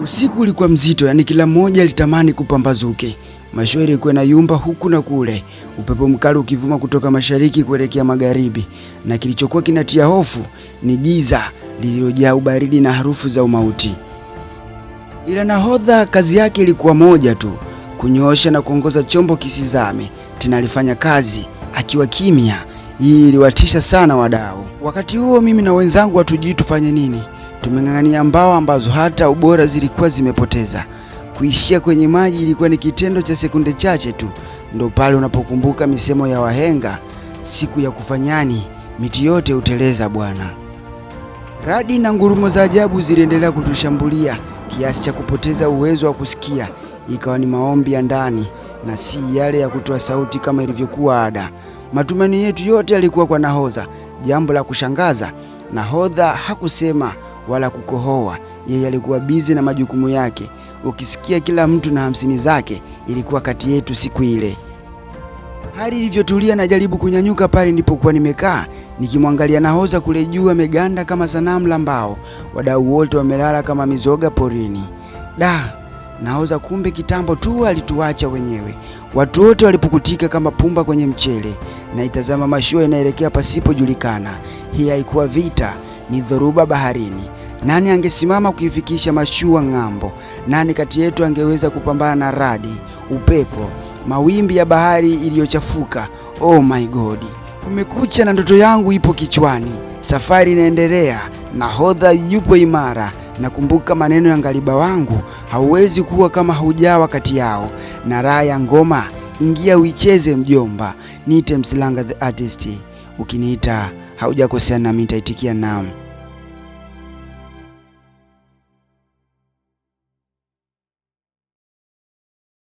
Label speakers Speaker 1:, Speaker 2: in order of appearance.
Speaker 1: Usiku ulikuwa mzito, yani kila mmoja alitamani kupambazuke. Mashua ilikuwa na yumba huku na kule, upepo mkali ukivuma kutoka mashariki kuelekea magharibi, na kilichokuwa kinatia hofu ni giza lililojaa ubaridi na harufu za umauti. Ila nahodha kazi yake ilikuwa moja tu, kunyoosha na kuongoza chombo kisizame. Tena alifanya kazi akiwa kimya. Hii iliwatisha sana wadau. Wakati huo mimi na wenzangu hatujui tufanye nini. Tumeng'ang'ania mbao ambazo hata ubora zilikuwa zimepoteza. Kuishia kwenye maji ilikuwa ni kitendo cha sekunde chache tu. Ndo pale unapokumbuka misemo ya wahenga, siku ya kufanyani miti yote huteleza bwana. Radi na ngurumo za ajabu ziliendelea kutushambulia kiasi cha kupoteza uwezo wa kusikia. Ikawa ni maombi ya ndani na si yale ya kutoa sauti kama ilivyokuwa ada. Matumaini yetu yote yalikuwa kwa nahodha. Jambo la kushangaza, nahodha hakusema wala kukohoa. Yeye alikuwa bizi na majukumu yake. Ukisikia kila mtu na hamsini zake, ilikuwa kati yetu siku ile. Hali ilivyotulia, najaribu kunyanyuka pale nilipokuwa nimekaa nikimwangalia nahoza kule juu, ameganda kama sanamu la mbao, wadau wote wamelala kama mizoga porini. Da, nahoza kumbe kitambo tu alituacha wenyewe. Watu wote walipukutika kama pumba kwenye mchele, na itazama mashua inaelekea pasipojulikana. Hii haikuwa vita, ni dhoruba baharini. Nani angesimama kuifikisha mashua ng'ambo? Nani kati yetu angeweza kupambana na radi, upepo, mawimbi ya bahari iliyochafuka? Oh my God, kumekucha na ndoto yangu ipo kichwani. Safari inaendelea, nahodha yupo imara. Nakumbuka maneno ya ngaliba wangu, hauwezi kuwa kama haujawa kati yao, na raha ya ngoma ingia uicheze mjomba. Niite Msilanga the artist, ukiniita haujakosea, nami nitaitikia naam.